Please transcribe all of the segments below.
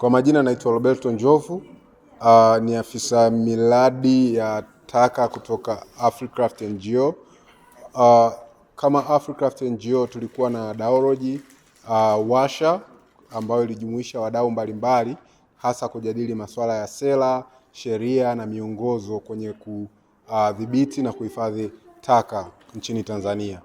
Kwa majina naitwa Roberto Njovu. Uh, ni afisa miradi ya taka kutoka Africraft NGO. Uh, ah, kama Africraft NGO tulikuwa na daoroji uh, ah, washa ambayo ilijumuisha wadau mbalimbali hasa kujadili masuala ya sera, sheria na miongozo kwenye kudhibiti uh, na kuhifadhi taka nchini Tanzania.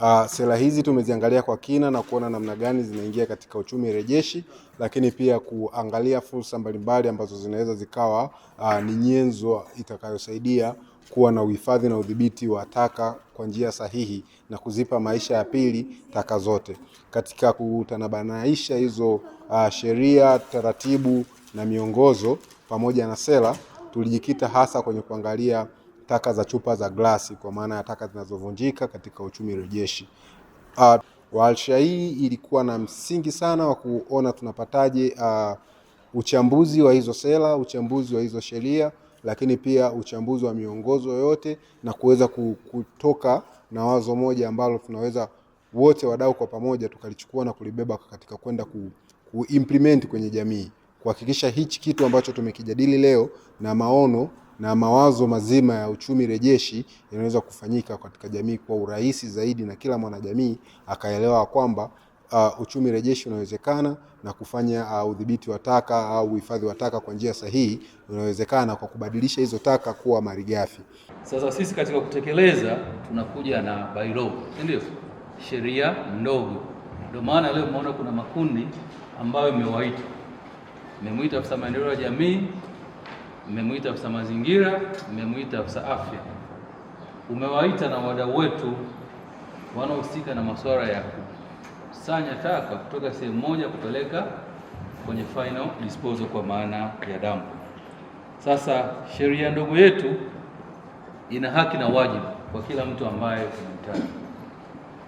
Uh, sera hizi tumeziangalia kwa kina na kuona namna gani zinaingia katika uchumi rejeshi, lakini pia kuangalia fursa mbalimbali ambazo zinaweza zikawa uh, ni nyenzo itakayosaidia kuwa na uhifadhi na udhibiti wa taka kwa njia sahihi na kuzipa maisha ya pili taka zote. Katika kutanabanaisha hizo uh, sheria, taratibu na miongozo pamoja na sera, tulijikita hasa kwenye kuangalia taka za chupa za glasi kwa maana ya taka zinazovunjika katika uchumi rejeshi. Uh, ah, warsha hii ilikuwa na msingi sana wa kuona tunapataje uh, uchambuzi wa hizo sera, uchambuzi wa hizo sheria, lakini pia uchambuzi wa miongozo yote na kuweza kutoka na wazo moja ambalo tunaweza wote wadau kwa pamoja tukalichukua na kulibeba katika kwenda ku, ku implement kwenye jamii kuhakikisha hichi kitu ambacho tumekijadili leo na maono na mawazo mazima ya uchumi rejeshi yanaweza kufanyika katika jamii kwa urahisi zaidi, na kila mwanajamii akaelewa kwamba uh, uchumi rejeshi unawezekana na kufanya uh, udhibiti wa taka au uh, uhifadhi wa taka kwa njia sahihi unawezekana kwa kubadilisha hizo taka kuwa malighafi. Sasa sisi katika kutekeleza tunakuja na bylaw, si ndio? Sheria ndogo. Ndio maana leo mmeona kuna makundi ambayo imewaita, imemwita afisa maendeleo ya jamii mmemwita afisa mazingira, mmemwita afisa afya, umewaita na wadau wetu wanaohusika na masuala ya kusanya taka kutoka sehemu moja kupeleka kwenye final disposal, kwa maana ya dampo. Sasa sheria ndogo yetu ina haki na wajibu kwa kila mtu ambaye unamtaja.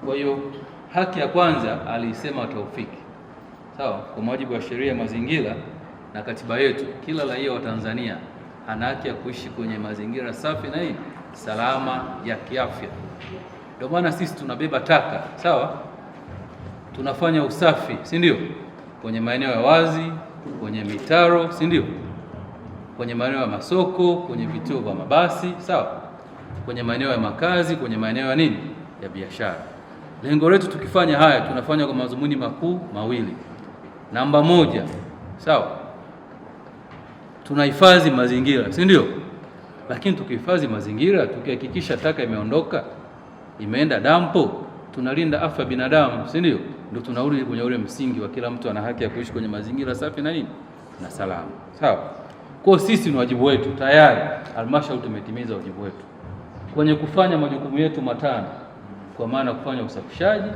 Kwa hiyo haki ya kwanza aliisema Taufiki, sawa, kwa mujibu wa sheria ya mazingira na katiba yetu, kila raia wa Tanzania ana haki ya kuishi kwenye mazingira safi na nini salama ya kiafya. Ndio maana sisi tunabeba taka, sawa, tunafanya usafi, si ndio? Kwenye maeneo ya wazi, kwenye mitaro, si ndio? Kwenye maeneo ya masoko, kwenye vituo vya mabasi, sawa, kwenye maeneo ya makazi, kwenye maeneo ya nini ya biashara. Lengo letu tukifanya haya, tunafanya kwa madhumuni makuu mawili. Namba moja, sawa tunahifadhi mazingira, si ndio? Lakini tukihifadhi mazingira, tukihakikisha taka imeondoka imeenda dampo, tunalinda afya ya binadamu, si ndio? Ndio tunarudi kwenye ule msingi wa kila mtu ana haki ya kuishi kwenye mazingira safi na nini na salama, sawa. Kwa sisi ni wajibu wetu, tayari halmashauri tumetimiza wajibu wetu kwenye kufanya majukumu yetu matano, kwa maana kufanya usafishaji,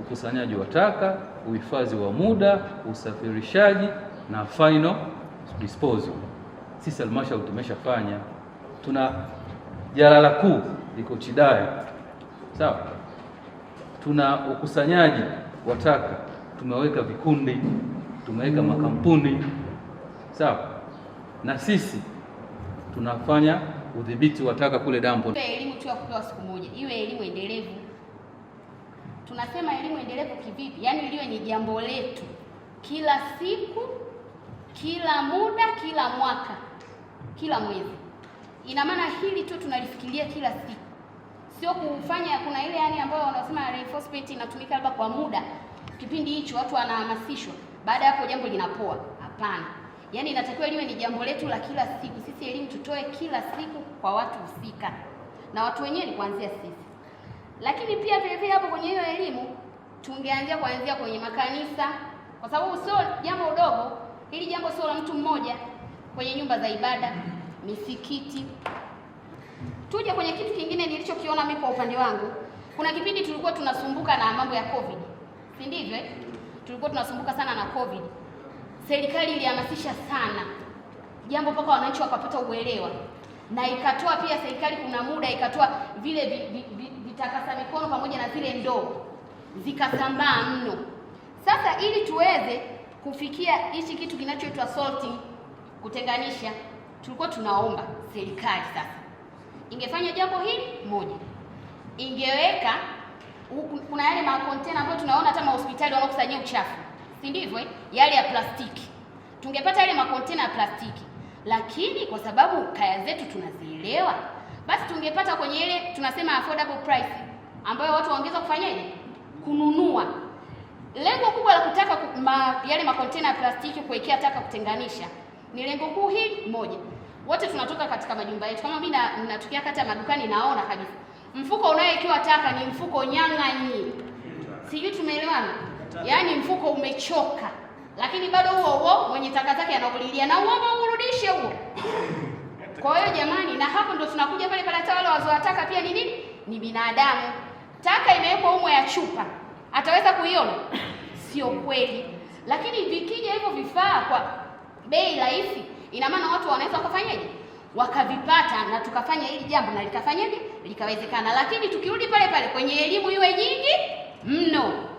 ukusanyaji wa taka, uhifadhi wa muda, usafirishaji na final disposal sisi halmashauri tumeshafanya. Tuna jalala kuu liko Chidaya, sawa. Tuna ukusanyaji wa taka, tumeweka vikundi, tumeweka makampuni, sawa. Na sisi tunafanya udhibiti wa taka kule dampo. Elimu tu ya kupewa siku moja, iwe elimu endelevu. Tunasema elimu endelevu kivipi? Yaani iliyo ni jambo letu kila siku, kila muda, kila mwaka kila mwezi. Ina maana hili tu tunalifikiria kila siku, sio kufanya. Kuna ile yani ambayo wanasema reinforcement inatumika labda kwa muda, kipindi hicho watu wanahamasishwa, baada ya hapo jambo linapoa. Hapana, yaani inatakiwa liwe ni jambo letu la kila siku. Sisi elimu tutoe kila siku kwa watu husika, na watu wenyewe ni kuanzia sisi. Lakini pia vile vile hapo kwenye hiyo elimu tungeanzia kuanzia kwenye makanisa, kwa sababu sio jambo dogo hili, jambo sio la mtu mmoja kwenye nyumba za ibada, misikiti. Tuje kwenye kitu kingine nilichokiona mimi kwa upande wangu. Kuna kipindi tulikuwa tunasumbuka na mambo ya COVID, si ndivyo? Eh? Tulikuwa tunasumbuka sana na COVID. Serikali ilihamasisha sana jambo mpaka wananchi wakapata uelewa, na ikatoa pia, serikali kuna muda ikatoa vile vitakasa mikono pamoja na zile ndoo zikasambaa mno. Sasa ili tuweze kufikia hichi kitu kinachoitwa salting kutenganisha, tulikuwa tunaomba serikali sasa ingefanya jambo hili moja, ingeweka kuna yale makontena ambayo tunaona hata mahospitali wanakusanyia uchafu, si ndivyo? Eh? Yale ya plastiki, tungepata yale makontena ya plastiki, lakini kwa sababu kaya zetu tunazielewa, basi tungepata kwenye ile tunasema affordable price ambayo watu waongeza kufanyaje, kununua. Lengo kubwa la kutaka ma, yale makontena ya plastiki kuwekea taka kutenganisha ni lengo kuu hili moja. Wote tunatoka katika majumba yetu, kama mimi natukia kati ya madukani, naona kabisa mfuko unayekiwa taka ni mfuko nyang'anyi, sijui tumeelewana? Yaani mfuko umechoka, lakini bado huo huo mwenye taka zake anakulilia na uomba urudishe huo. Kwa hiyo jamani, na hapo ndo tunakuja pale pale, hata wale wazoa taka pia ni nini? Ni binadamu. Taka imewekwa humo ya chupa, ataweza kuiona? Sio kweli. Lakini vikija hivyo vifaa kwa bei laifi ina maana watu wanaweza wakafanyaje, wakavipata na tukafanya hili jambo na likafanyaje, likawezekana. Lakini tukirudi pale pale kwenye elimu iwe nyingi mno.